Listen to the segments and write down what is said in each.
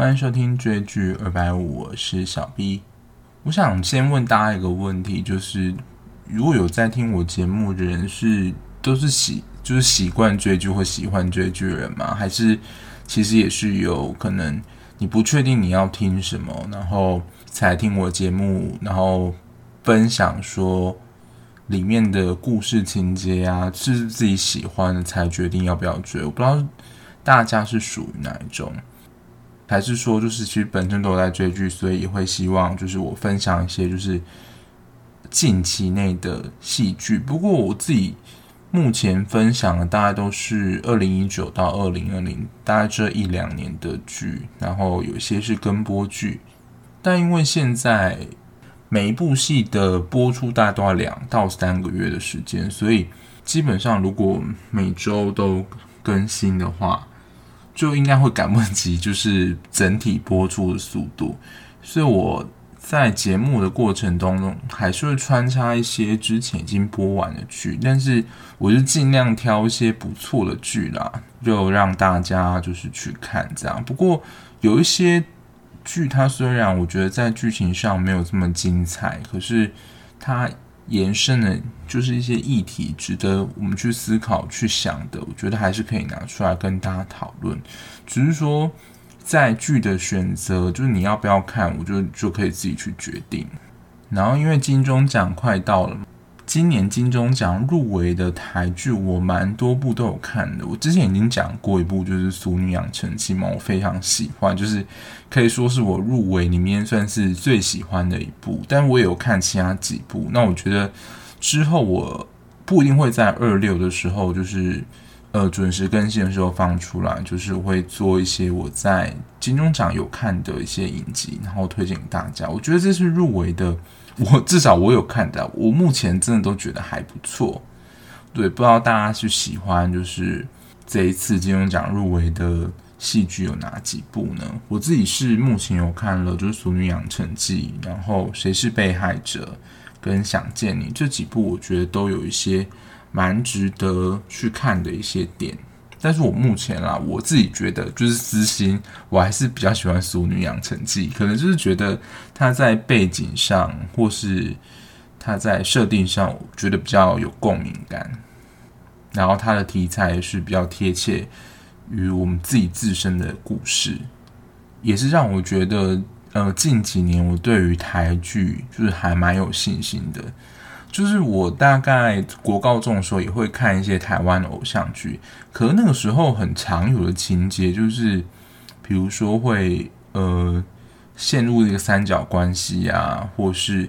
歡迎收聽追劇二百五，我是小 B。我想先問大家一個問題，就是如果有在聽我節目的人是都是習就是習慣追劇或喜歡追劇的人嗎？還是其實也是有可能你不確定你要聽什麼，然後才聽我節目，然後分享說裡面的故事情節呀，啊，是自己喜歡的才決定要不要追。我不知道大家是屬於哪一種。還是說，就是其實本身都在追劇，所以也會希望就是我分享一些就是近期內的戲劇。不過我自己目前分享的大概都是二零一九到二零二零，大概這一兩年的劇，然後有些是跟播劇。但因為現在每一部戲的播出大概都要兩到三個月的時間，所以基本上如果每周都更新的話。就應該會趕不及，就是整體播出的速度，所以我在節目的過程中，還是會穿插一些之前已經播完的劇，但是我就盡量挑一些不錯的劇啦，就讓大家就是去看這樣。不過有一些劇，它雖然我覺得在劇情上沒有這麼精彩，可是它。延伸的，就是一些議題值得我們去思考、去想的，我覺得還是可以拿出來跟大家討論。只是說，在劇的選擇，就是你要不要看，我就就可以自己去決定。然後，因為金鐘獎快到了嘛。今年金鐘獎入圍的台劇，我蠻多部都有看的。我之前已經講過一部，就是《俗女養成記》嘛，我非常喜歡，就是可以說是我入圍裡面算是最喜歡的一部。但我也有看其他幾部。那我覺得之後我不一定會在二六的時候，就是呃準時更新的時候放出來，就是會做一些我在金鐘獎有看的一些影集，然後推薦給大家。我覺得這是入圍的。我至少我有看到，我目前真的都覺得還不錯，對，不知道大家是喜歡就是這一次金鐘獎入圍的戲劇有哪幾部呢？我自己是目前有看了，就是《俗女養成記》，然後《誰是被害者》跟《想見你》這幾部，我覺得都有一些蠻值得去看的一些點。但是我目前啦，我自己覺得就是私心，我還是比較喜歡《俗女養成記》，可能就是覺得它在背景上，或是它在設定上，我覺得比較有共鳴感。然後它的題材是比較貼切於我們自己自身的故事，也是讓我覺得，呃，近幾年我對於台劇就是還蠻有信心的。就是我大概國高中的時候也會看一些台灣偶像劇，可是那個時候很常有的情節就是，比如說會呃陷入一個三角關係啊，或是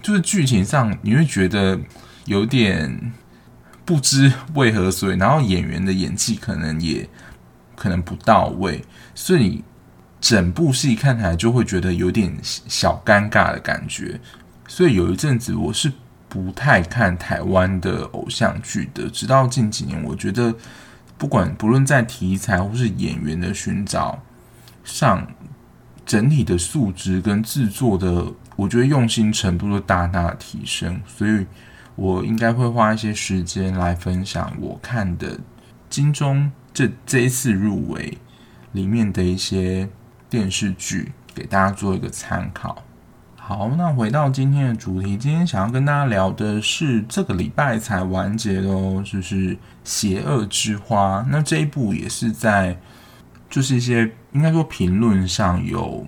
就是劇情上你會覺得有點不知為何所以，然後演員的演技可能也可能不到位，所以你整部戲看起來就會覺得有點小尷尬的感覺，所以有一陣子我是，不太看台灣的偶像劇的，直到近幾年，我覺得不管不論在題材或是演員的尋找上，整體的素質跟製作的，我覺得用心程度都大大的提升，所以我應該會花一些時間來分享我看的金鐘這這一次入圍裡面的一些電視劇，給大家做一個參考。好，那回到今天的主題，今天想要跟大家聊的是這個禮拜才完結的哦，就是《邪惡之花》。那這一部也是在，就是一些應該說評論上有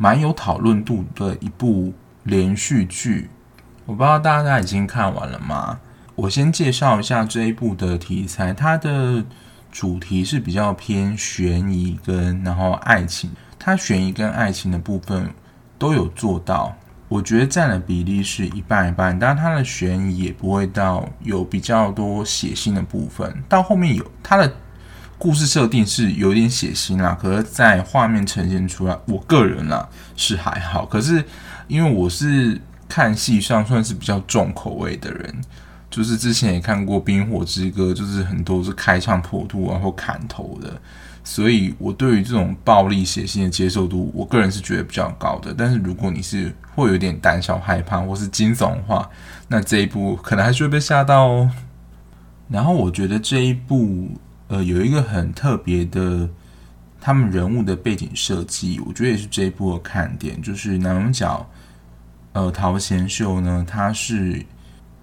蠻有討論度的一部連續劇。我不知道大家已經看完了嗎？我先介紹一下這一部的題材，它的主題是比較偏懸疑跟然後愛情，它懸疑跟愛情的部分。都有做到，我覺得佔的比例是一半一半，但它的懸疑也不會到有比較多血腥的部分。到後面有它的故事設定是有點血腥啦，可是在畫面呈現出來，我個人啦是還好。可是因為我是看戲上算，算是比較重口味的人，就是之前也看過《冰火之歌》，就是很多是開膛、破肚然後砍頭的。所以我對於這種暴力血腥的接受度，我個人是覺得比較高的。但是如果你是會有點膽小、害怕或是驚悚的話，那這一部可能還是會被嚇到哦。然後我覺得這一部，呃，有一個很特別的，他們人物的背景設計，我覺得也是這一部的看點，就是男主角，呃，陶賢秀呢，他是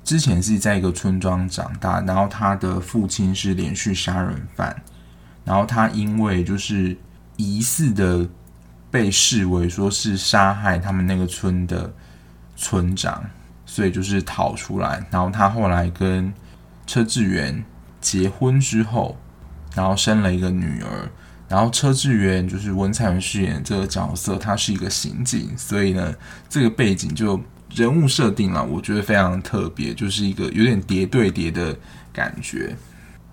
之前是在一個村莊長大，然後他的父親是連續殺人犯。然後他因為就是疑似的，被視為說是殺害他們那個村的村長，所以就是逃出來。然後他後來跟車志元結婚之後，然後生了一個女兒。然後車志元就是文彩元飾演的這個角色，他是一個刑警，所以呢，這個背景就人物設定了，我覺得非常特別，就是一個有點疊對疊的感覺。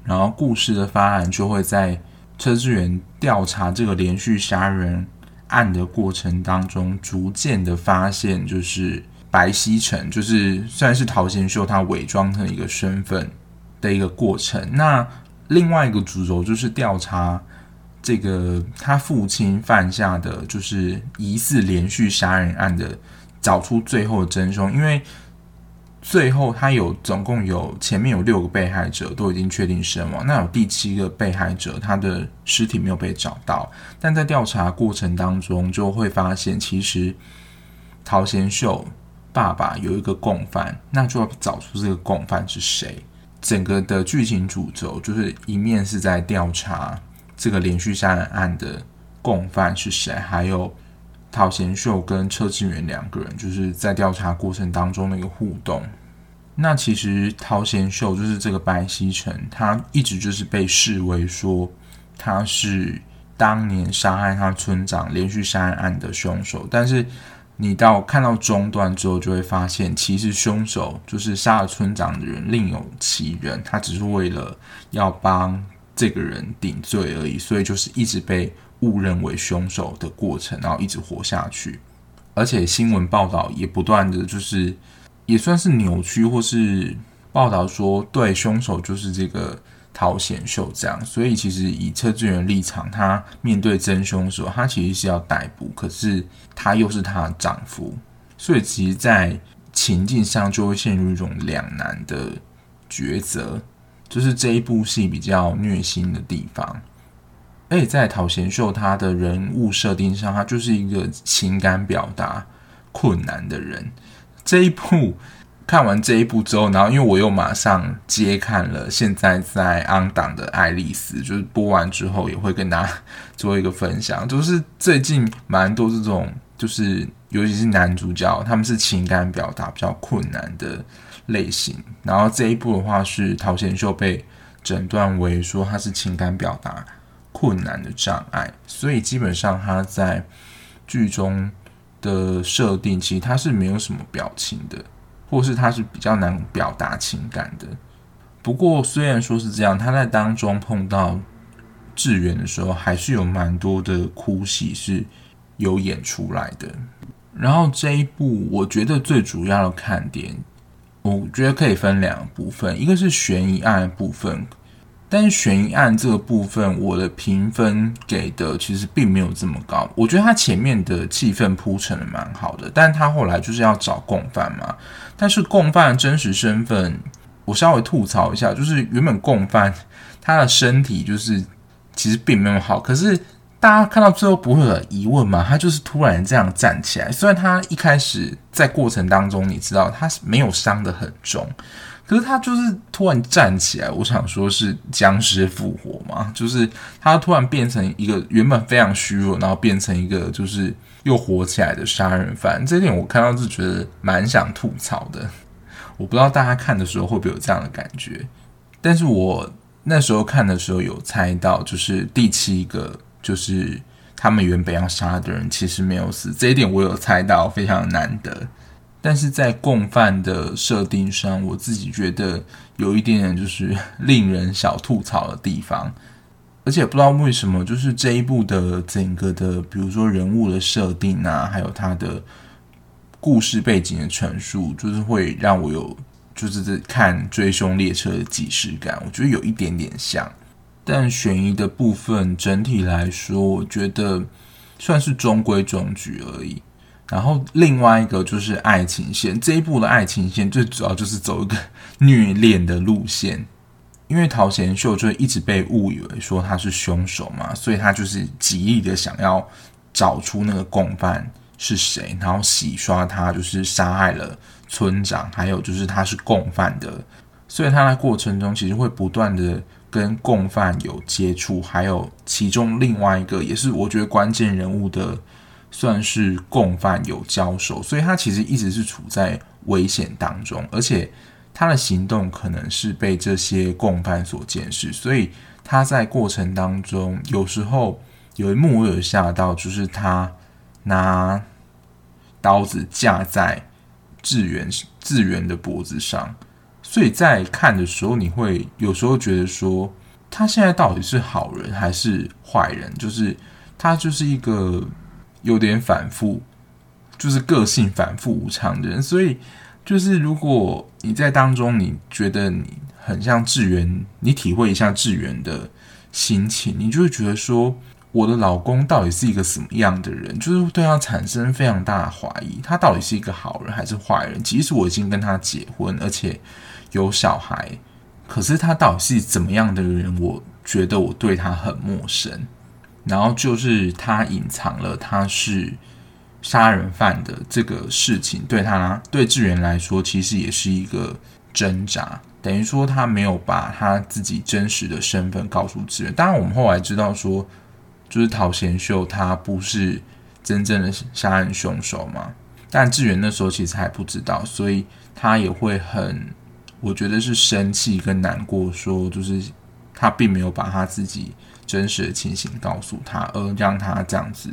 然後故事的發展就會在車志元調查這個連續殺人案的過程當中，逐漸的發現，就是白熙成，就是雖然是陶賢秀他偽裝成一個身份的一個過程。那另外一個主軸就是調查這個他父親犯下的就是疑似連續殺人案的，找出最後真兇，因為。最後，他有總共有前面有六個被害者都已經確定身亡，那有第七個被害者，他的屍體沒有被找到。但在調查過程當中，就會發現其實都賢秀爸爸有一個共犯，那就要找出這個共犯是誰。整個的劇情主軸就是一面是在調查這個連續殺人案的共犯是誰，還有。陶賢秀跟車志元兩個人，就是在調查過程當中的一個互動。那其實陶賢秀就是這個白西城，他一直就是被視為說他是當年殺害他村長、連續殺人案的兇手。但是你到看到中段之後，就會發現其實兇手就是殺了村長的人另有其人，他只是為了要幫這個人頂罪而已，所以就是一直被。誤認為凶手的過程，然後一直活下去，而且新聞報道也不斷的，就是也算是扭曲或是報道說，對凶手就是這個都賢秀這樣。所以其實以車志元立場，他面對真凶的時候，他其實是要逮捕，可是他又是他的丈夫，所以其實，在情境上就會陷入一種兩難的抉擇，就是這一部戲比較虐心的地方。所以、欸、在都賢秀他的人物設定上，他就是一個情感表達困難的人。這一部看完這一部之後，然後因為我又馬上接看了現在在安檔的《愛麗絲》，就是播完之後也會跟大家 做一個分享。就是最近蠻多這種，就是尤其是男主角，他們是情感表達比較困難的類型。然後這一部的話是都賢秀被診斷為說他是情感表達。困難的障礙，所以基本上他在劇中的設定，其實他是沒有什麼表情的，或是他是比較難表達情感的。不過雖然說是這樣，他在當中碰到志元的時候，還是有蠻多的哭戲是有演出來的。然後這一部我覺得最主要的看點，我覺得可以分兩個部分，一個是懸疑案的部分。但是懸疑案這個部分，我的評分給的其實並沒有這麼高。我覺得他前面的氣氛鋪陳得蠻好的，但是他後來就是要找共犯嘛。但是共犯的真實身份，我稍微吐槽一下，就是原本共犯他的身體就是其實並沒有好，可是大家看到最後不會有疑問嘛？他就是突然這樣站起來，雖然他一開始在過程當中，你知道他是沒有傷得很重。可是他就是突然站起來，我想說是殭屍復活嘛，就是他突然變成一個原本非常虛弱，然後變成一個就是又活起來的殺人犯。這一點我看到是覺得蠻想吐槽的，我不知道大家看的時候會不會有這樣的感覺。但是我那時候看的時候有猜到，就是第七個就是他們原本要殺的人其實沒有死，這一點我有猜到，非常難得。但是在共犯的設定上，我自己覺得有一點點就是令人小吐槽的地方，而且不知道為什麼，就是這一部的整個的，比如說人物的設定啊，還有它的故事背景的陳述，就是會讓我有就是看追凶列車的即視感，我覺得有一點點像。但懸疑的部分整體來說，我覺得算是中規中矩而已。然後另外一個就是愛情線，這一部的愛情線最主要就是走一個虐戀的路線，因為陶賢秀就一直被誤以為說他是兇手嘛，所以他就是極力的想要找出那個共犯是誰，然後洗刷他就是殺害了村長，還有就是他是共犯的，所以他在過程中其實會不斷的跟共犯有接觸，還有其中另外一個也是我覺得關鍵人物的。算是共犯有交手，所以他其實一直是處在危險當中，而且他的行動可能是被這些共犯所監視，所以他在過程當中有時候，有一幕我有嚇到，就是他拿刀子架在志元志元的脖子上，所以在看的時候你會有時候覺得說他現在到底是好人還是壞人，就是他就是一個。有點反覆，就是個性反覆無常的人。所以，就是如果你在當中，你覺得你很像志元，你體會一下志元的心情，你就會覺得說，我的老公到底是一個什麼樣的人？就是對他產生非常大的懷疑，他到底是一個好人還是壞人？即使我已經跟他結婚，而且有小孩，可是他到底是怎麼樣的人？我覺得我對他很陌生。然後就是他隱藏了他是殺人犯的這個事情，對他、對志元來說其實也是一個掙扎，等於說他沒有把他自己真實的身份告訴志元。當然，我們後來知道說，就是都賢秀他不是真正的殺人兇手嘛，但志元那時候其實還不知道，所以他也會很，我覺得是生氣跟難過，說就是他並沒有把他自己。真實的情形告訴他，而讓他這樣子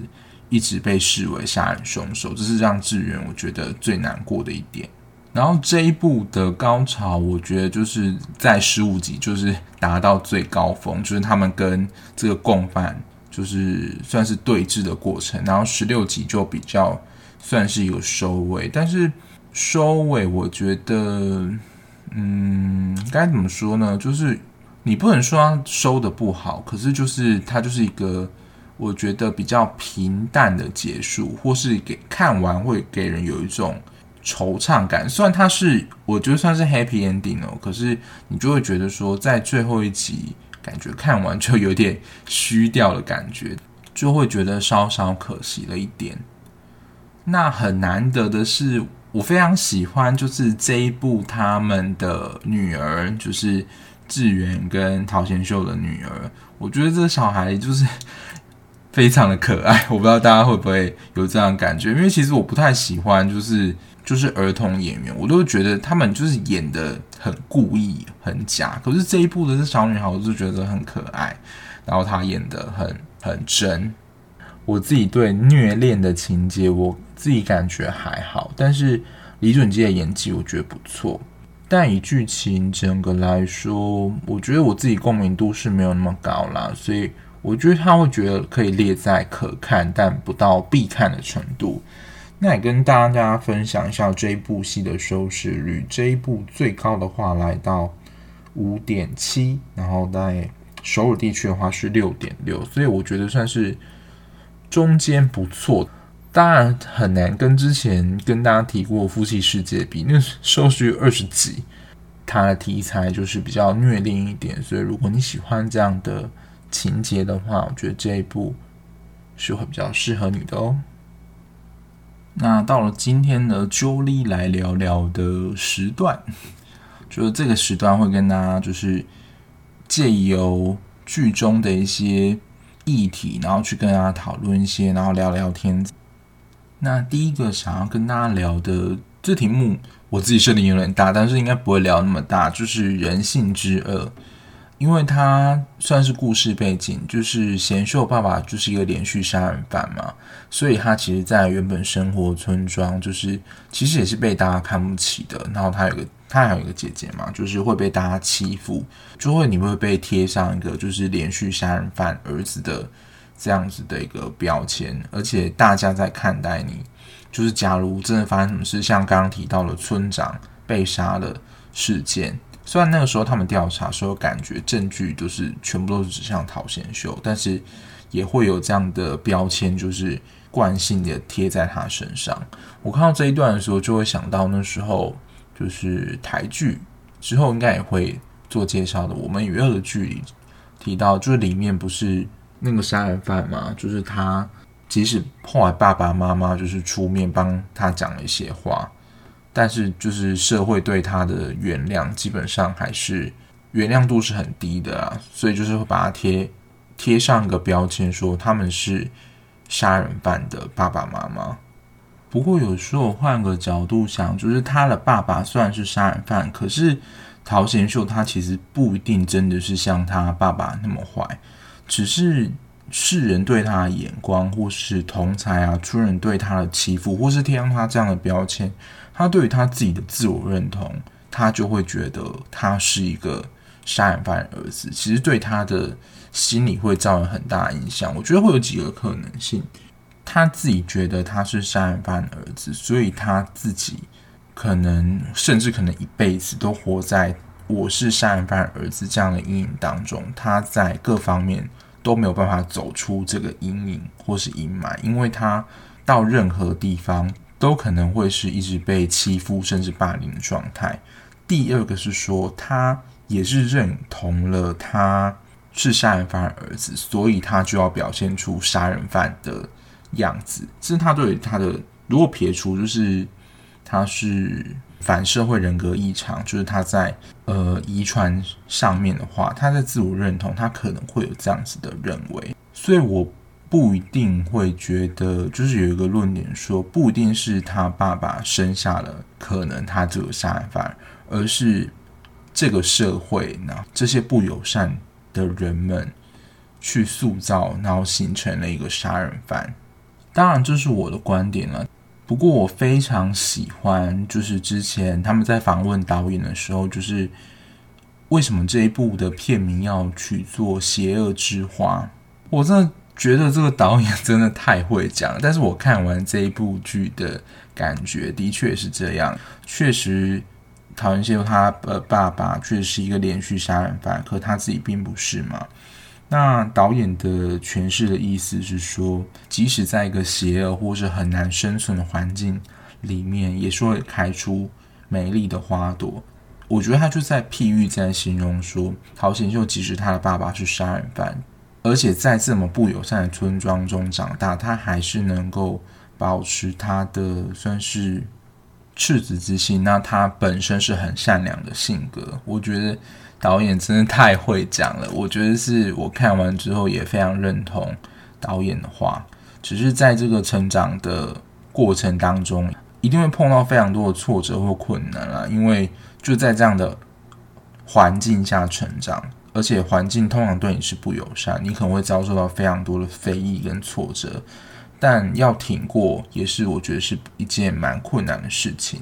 一直被視為殺人凶手，這是讓志元我覺得最難過的一點。然後這一部的高潮，我覺得就是在十五集就是達到最高峰，就是他們跟這個共犯就是算是對峙的過程。然後十六集就比較算是有收尾，但是收尾我覺得，嗯，該怎麼說呢？就是。你不能說它收得不好，可是就是它就是一個，我覺得比較平淡的結束，或是給看完會給人有一種惆悵感。雖然它是我覺得算是 happy ending 哦，可是你就會覺得說，在最後一集感覺看完就有點虛掉的感覺，就會覺得稍稍可惜了一點。那很難得的是，我非常喜歡就是這一部他們的女兒就是。志元跟陶賢秀的女兒，我覺得這小孩就是非常的可愛，我不知道大家會不會有這樣的感覺。因為其實我不太喜歡，就是就是兒童演員，我都覺得他們就是演的很故意、很假。可是這一部的這小女孩，我就覺得很可愛，然後她演的很很真。我自己對虐戀的情節，我自己感覺還好，但是李準基的演技，我覺得不錯。但以劇情整個來說，我覺得我自己共鳴度是沒有那麼高啦，所以我覺得他會覺得可以列在可看但不到必看的程度。那也跟大家分享一下這一部戲的收視率，這一部最高的話來到五點七，然後在首爾地區的話是六點六，所以我覺得算是中間不錯。當然很難跟之前跟大家提過《夫妻世界》比，那收視二十幾，它的題材就是比較虐戀一點，所以如果你喜歡這樣的情節的話，我覺得這一部是會比較適合你的哦。那到了今天的啾哩來聊聊的時段，就是這個時段會跟大家就是借由劇中的一些議題，然後去跟大家討論一些，然後聊聊天。那第一個想要跟大家聊的這題目，我自己設定有點大，但是應該不會聊那麼大，就是人性之惡，因為他算是故事背景，就是賢秀爸爸就是一個連續殺人犯嘛，所以他其實在原本生活村莊，就是其實也是被大家看不起的。然後他有一個，他還有一個姐姐嘛，就是會被大家欺負，就會你會被貼上一個就是連續殺人犯兒子的。這樣子的一個標籤，而且大家在看待你，就是假如真的發生什麼事，像剛剛提到了村長被殺的事件，雖然那個時候他們調查說感覺證據就是全部都是指向陶賢秀，但是也會有這樣的標籤，就是慣性的貼在他身上。我看到這一段的時候，就會想到那時候就是台劇之後應該也會做介紹的。我們與惡的距離提到，就是裡面不是。那個殺人犯嘛，就是他。即使後來爸爸媽媽就是出面幫他講了一些話，但是就是社會對他的原諒基本上還是原諒度是很低的啊。所以就是會把他貼貼上一個標籤，說他們是殺人犯的爸爸媽媽。不過有時候換個角度想，就是他的爸爸雖然是殺人犯，可是陶賢秀他其實不一定真的是像他爸爸那麼壞。只是世人對他的眼光，或是同才啊、村人對他的欺負，或是貼上他這樣的標籤，他對於他自己的自我認同，他就會覺得他是一個殺人犯的兒子。其實對他的心理會造成很大的影響。我覺得會有幾個可能性：他自己覺得他是殺人犯的兒子，所以他自己可能甚至可能一輩子都活在“我是殺人犯的兒子”這樣的陰影當中。他在各方面，都沒有辦法走出這個陰影或是陰霾，因為他到任何地方都可能會是一直被欺負甚至霸凌的狀態。第二個是說，他也是認同了他是殺人犯的兒子，所以他就要表現出殺人犯的樣子。其實他對他的，如果撇除，就是他是。反社會人格異常，就是他在呃遺傳上面的話，他在自我認同，他可能會有這樣子的認為，所以我不一定會覺得，就是有一個論點說，不一定是他爸爸生下了，可能他就有殺人犯，而是這個社會呢，這些不友善的人們去塑造，然後形成了一個殺人犯。當然，這是我的觀點了。不過我非常喜歡，就是之前他們在訪問導演的時候，就是為什麼這一部的片名要取做《邪惡之花》？我真的覺得這個導演真的太會講了。但是我看完這一部劇的感覺，的確是這樣，確實陶，都賢秀他呃爸爸確實是一個連續殺人犯，可他自己並不是嘛。那導演的詮釋的意思是說，即使在一個邪惡或是很難生存的環境裡面，也是會開出美麗的花朵。我覺得他就在譬喻，在形容說，陶賢秀即使他的爸爸是殺人犯，而且在這麼不友善的村莊中長大，他還是能夠保持他的算是赤子之心。那他本身是很善良的性格，我覺得。導演真的太會講了，我覺得是我看完之後也非常認同導演的話。只是在這個成長的過程當中，一定會碰到非常多的挫折或困難啊。因為就在這樣的環境下成長，而且環境通常對你是不友善，你可能會遭受到非常多的非議跟挫折，但要挺過也是我覺得是一件蠻困難的事情。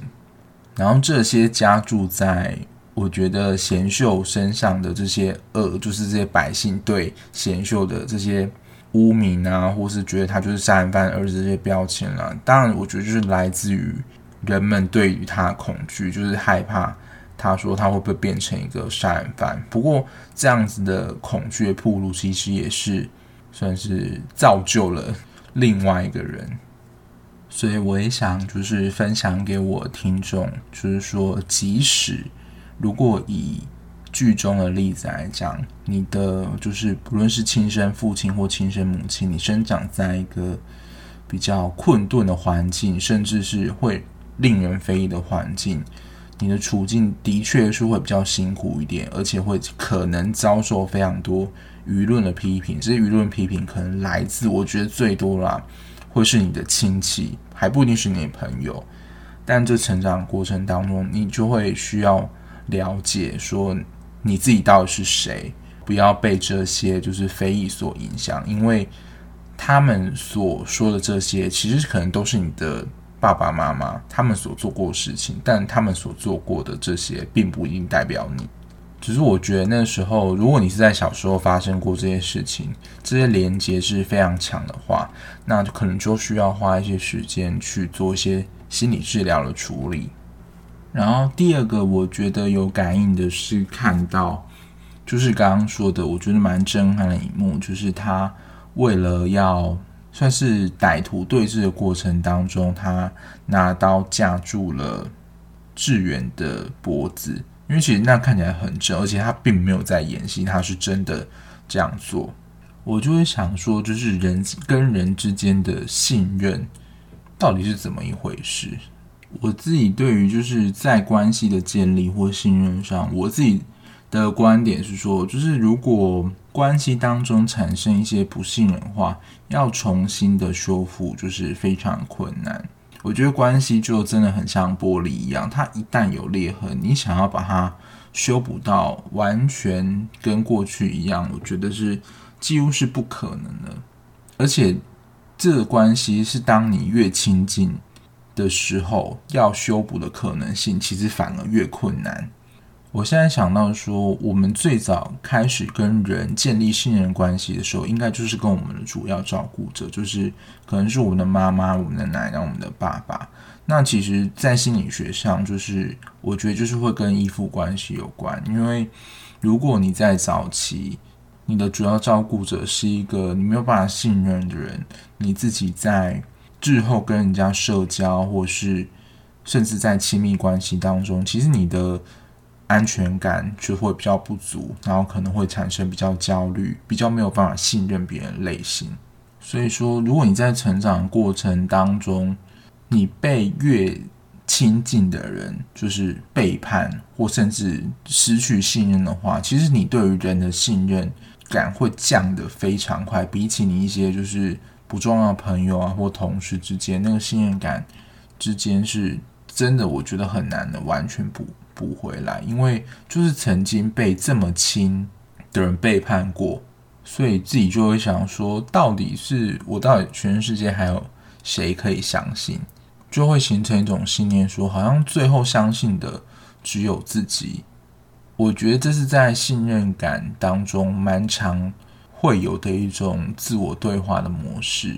然後這些加註在。我覺得賢秀身上的這些惡，就是這些百姓對賢秀的這些污名啊，或是覺得他就是殺人犯而這些標籤啊，當然，我覺得就是來自於人們對於他的恐懼，就是害怕他說他會不會變成一個殺人犯。不過，這樣子的恐懼的鋪路，其實也是算是造就了另外一個人。所以，我也想就是分享給我聽眾，就是說，即使。如果以劇中的例子來講，你的就是不論是親生父親或親生母親，你生長在一個比較困頓的環境，甚至是會令人非議的環境，你的處境的確是會比較辛苦一點，而且會可能遭受非常多輿論的批評。這些輿論批評可能來自，我覺得最多啦，會是你的親戚，還不一定是你的朋友。但這成長的過程當中，你就會需要。了解說你自己到底是誰，不要被這些就是非議所影響，因為他們所說的這些其實可能都是你的爸爸媽媽他們所做過的事情，但他們所做過的這些並不一定代表你。只是我覺得那時候，如果你是在小時候發生過這些事情，這些連接是非常強的話，那就可能就需要花一些時間去做一些心理治療的處理。然後第二個，我覺得有感應的是看到，就是剛剛說的，我覺得蠻震撼的一幕，就是他為了要算是歹徒對峙的過程當中，他拿刀架住了志元的脖子，因為其實那看起來很真，而且他並沒有在演戲，他是真的這樣做。我就會想說，就是人跟人之間的信任到底是怎麼一回事？我自己對於就是在關係的建立或信任上，我自己的觀點是說，就是如果關係當中產生一些不信任的話，要重新的修復就是非常困難。我覺得關係就真的很像玻璃一樣，它一旦有裂痕，你想要把它修補到完全跟過去一樣，我覺得是幾乎是不可能的。而且這個關係是當你越親近。的時候，要修補的可能性其實反而越困難。我現在想到說，我們最早開始跟人建立信任關係的時候，應該就是跟我們的主要照顧者，就是可能是我們的媽媽、我們的奶奶、我們的爸爸。那其實，在心理學上，就是我覺得就是會跟依附關係有關。因為如果你在早期，你的主要照顧者是一個你沒有辦法信任的人，你自己在。之後跟人家社交，或是甚至在親密關係當中，其實你的安全感就會比較不足，然後可能會產生比較焦慮，比較沒有辦法信任別人類型。所以說，如果你在成長的過程當中，你被越親近的人就是背叛或甚至失去信任的話，其實你對於人的信任感會降得非常快，比起你一些就是。不重要的朋友啊，或同事之間，那個信任感之間是真的，我覺得很難的，完全補補回來。因為就是曾經被這麼親的人背叛過，所以自己就會想說，到底是我到底全世界還有誰可以相信？就會形成一種信念，說好像最後相信的只有自己。我覺得這是在信任感當中蠻長。會有的一種自我對話的模式，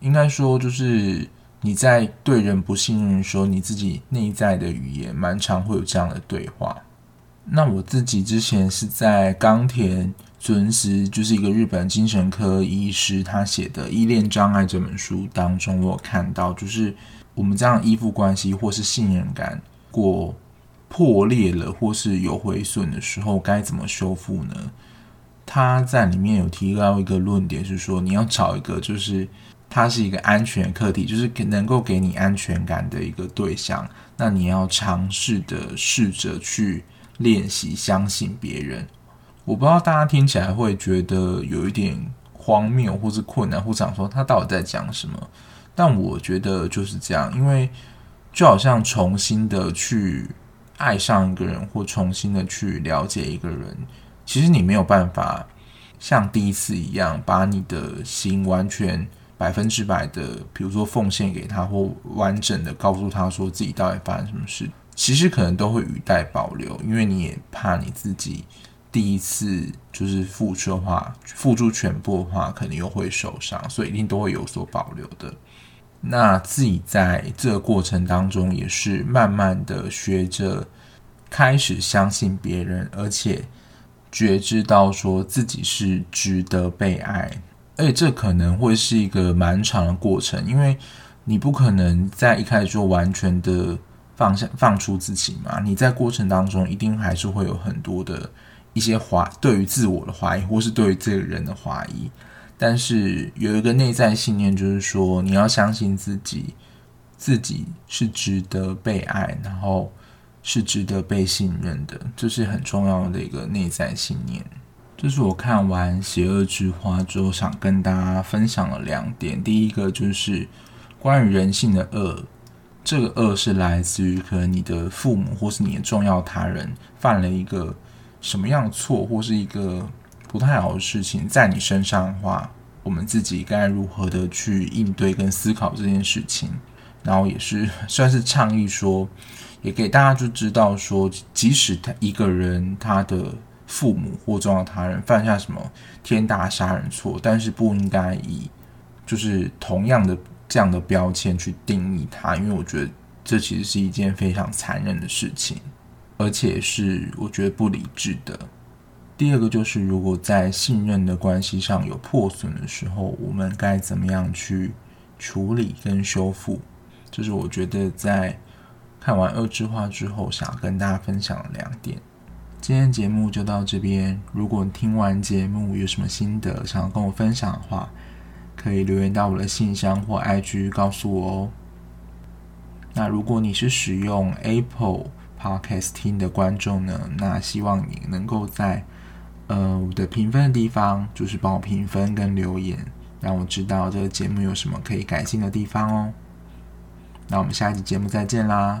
應該說就是你在對人不信任的時候，你自己內在的語言，蠻常會有這樣的對話。那我自己之前是在岡田尊司，就是一個日本精神科醫師，他寫的《依戀障礙》這本書當中，我有看到就是我們這樣的依附關係或是信任感過破裂了，或是有毀損的時候，該怎麼修復呢？他在裡面有提到一個論點，是說你要找一個，就是他是一個安全課題，就是能夠給你安全感的一個對象。那你要嘗試的試着去練習相信別人。我不知道大家聽起來會覺得有一點荒謬，或是困難，或想說他到底在講什麼。但我覺得就是這樣，因為就好像重新的去愛上一個人，或重新的去了解一個人。其實你沒有辦法像第一次一樣，把你的心完全百分之百的，比如說奉獻給他，或完整的告訴他說自己到底發生什麼事。其實可能都會語帶保留，因為你也怕你自己第一次就是付出的話，付出全部的話，可能又會受傷，所以一定都會有所保留的。那自己在這個過程當中，也是慢慢的學着開始相信別人，而且。覺知到說自己是值得被愛，而且這可能會是一個漫長的過程，因為你不可能在一開始就完全的放下、放出自己嘛。你在過程當中一定還是會有很多的一些懷，對於自我的懷疑，或是對於這個人的懷疑。但是有一個內在信念，就是說你要相信自己，自己是值得被愛，然後。是值得被信任的，這是很重要的一個內在信念。這是我看完《邪惡之花》之後想跟大家分享的兩點。第一個就是關於人性的惡，這個惡是來自於可能你的父母或是你的重要他人犯了一個什麼樣的錯，或是一個不太好的事情在你身上的話，我們自己該如何的去應對跟思考這件事情？然後也是算是倡議說。也給大家就知道說，即使他一個人，他的父母或重要他人犯下什麼天大殺人錯，但是不應該以就是同樣的這樣的標籤去定義他，因為我覺得這其實是一件非常殘忍的事情，而且是我覺得不理智的。第二個就是，如果在信任的關係上有破損的時候，我們該怎麼樣去處理跟修復？就是我覺得在。看完惡之花之後，想跟大家分享兩點。今天節目就到這邊。如果你聽完節目有什麼心得想要跟我分享的話，可以留言到我的信箱或 IG 告訴我哦。那如果你是使用 Apple Podcast 聽的觀眾呢，那希望你能夠在呃我的評分的地方，就是幫我評分跟留言，讓我知道這個節目有什麼可以改進的地方哦。那我們下一集節目再見啦！